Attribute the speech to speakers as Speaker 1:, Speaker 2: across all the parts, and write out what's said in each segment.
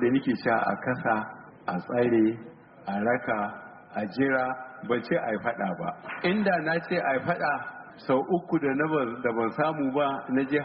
Speaker 1: da nake sha a kasa a tsare a raka a jira ba ce a faɗa ba inda na ce a faɗa sau uku da da ban samu ba na je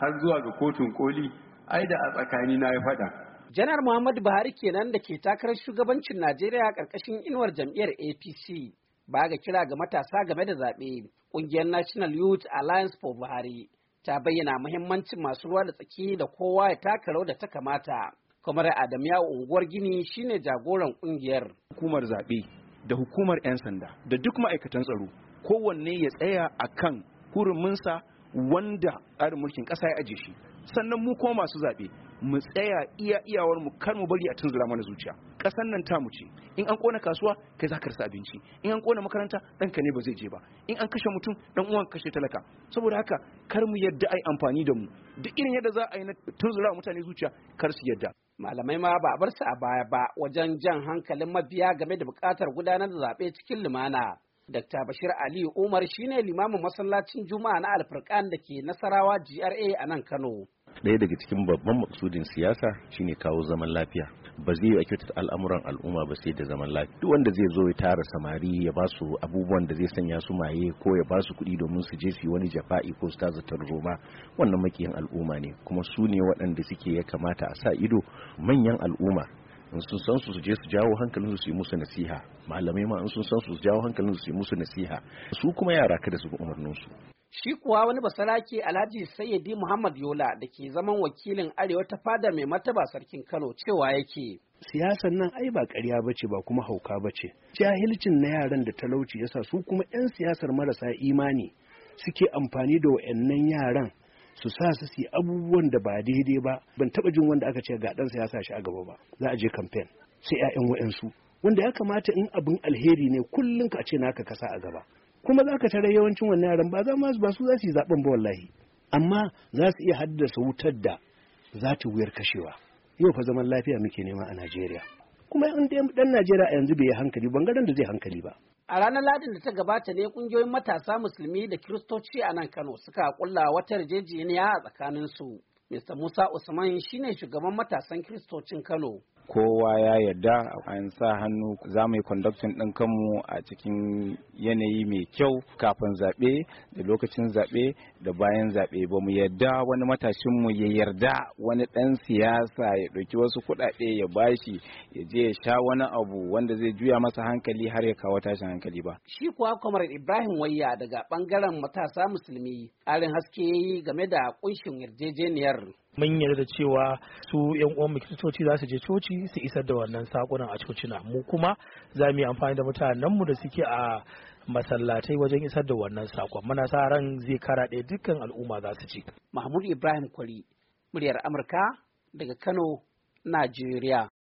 Speaker 1: har zuwa ga kotun koli ai da a tsakani na ya faɗa
Speaker 2: janar muhammadu buhari kenan da ke takarar shugabancin najeriya ƙarƙashin inuwar jam'iyyar apc ba ga kira ga matasa game da zaɓe ƙungiyar national youth alliance for buhari ta bayyana muhimmancin masu ruwa da tsaki da kowa ya taka rau da ta kamata kamar adam ya unguwar gini shine jagoran kungiyar
Speaker 1: hukumar zaɓe da hukumar 'yan sanda da duk ma'aikatan tsaro kowanne ya tsaya a kan huruminsa wanda tsarin mulkin ƙasa ya ajiye shi sannan mu kuma masu zaɓe mu tsaya iya iyawar mu kar mu bari a tunzura mana zuciya ƙasar nan tamu ce in an kona kasuwa kai za ka rasa abinci in an kona makaranta ka ne ba zai je ba in an kashe mutum ɗan uwan kashe talaka saboda haka
Speaker 2: kar mu yadda ai amfani da mu duk irin yadda za a yi na tunzura mutane zuciya kar su yadda malamai ma ba a bar su a baya ba wajen jan hankalin mabiya game da buƙatar gudanar da zaɓe cikin lumana. Dr. Bashir Ali Umar shine limamin masallacin Juma'a na Alfurkan da ke Nasarawa GRA a nan Kano.
Speaker 1: ɗaya daga cikin babban maksudin siyasa shine kawo zaman lafiya ba zai yi kyautata al'amuran al'umma ba sai da zaman lafiya duk wanda zai zo ya tara samari ya ba su abubuwan da zai sanya su maye ko ya ba su kuɗi domin su je su yi wani jafa'i ko su ta Roma, wannan makiyan al'umma ne kuma su ne waɗanda suke ya kamata a sa ido manyan al'umma in sun san su je su jawo hankalin su yi musu nasiha malamai ma in sun san su jawo hankalin su yi musu nasiha su kuma yara kada su bi umarnin su
Speaker 2: Shi kuwa wani basarake Alhaji Sayyidi Muhammad Yola da ke zaman wakilin Arewa ta fada mai mataba sarkin Kano cewa yake.
Speaker 3: Siyasan nan ai ba karya ba ce ba kuma hauka ba ce. Jahilcin na yaran da talauci yasa su kuma 'yan siyasar marasa imani suke amfani da wa'annan yaran su sa su yi abubuwan da ba daidai ba ban taba jin wanda aka ce ga dan siyasa shi a gaba ba za a je kamfen sai 'ya'yan wa'ansu wanda ya kamata in abin alheri ne kullum ka ce naka kasa a gaba kuma za ka tare yawancin wannan yaran ba za ba su za su yi zaben ba wallahi amma za su iya haddasa wutar da za ta wuyar kashewa yau fa zaman lafiya muke nema a Najeriya kuma in dan Najeriya a yanzu bai yi hankali bangaren da zai hankali ba
Speaker 2: a ranar ladin da ta gabata ne kungiyoyin matasa musulmi da kiristoci a nan Kano suka kulla wata yarjejeniya a tsakaninsu Mr. Musa Usman shine shugaban matasan Kiristocin Kano.
Speaker 1: Kowa ya yarda an sa hannu za mu yi kwandaktin ɗin kanmu a cikin yanayi mai kyau kafin zaɓe da lokacin zaɓe da bayan zaɓe ba mu yarda wani matashinmu ya yarda wani ɗan siyasa ya ɗauki wasu kuɗaɗe ya bashi ya je ya sha wani abu wanda zai juya masa hankali har ya kawo tashin
Speaker 2: hankali ba. Shi kuwa kwamar Ibrahim Wayya daga ɓangaren matasa musulmi ƙarin haske ya game da ƙunshin yarjejeniyar mun yarda da cewa su yan uwan coci za su je coci su isar da wannan sakonan a cocina mu kuma za mu yi amfani da mutanen mu da suke a masallatai wajen isar da wannan sakon muna sa ran zai kara karaɗe dukkan al'umma za su ci mahmud ibrahim kwari muryar amurka daga kano najeriya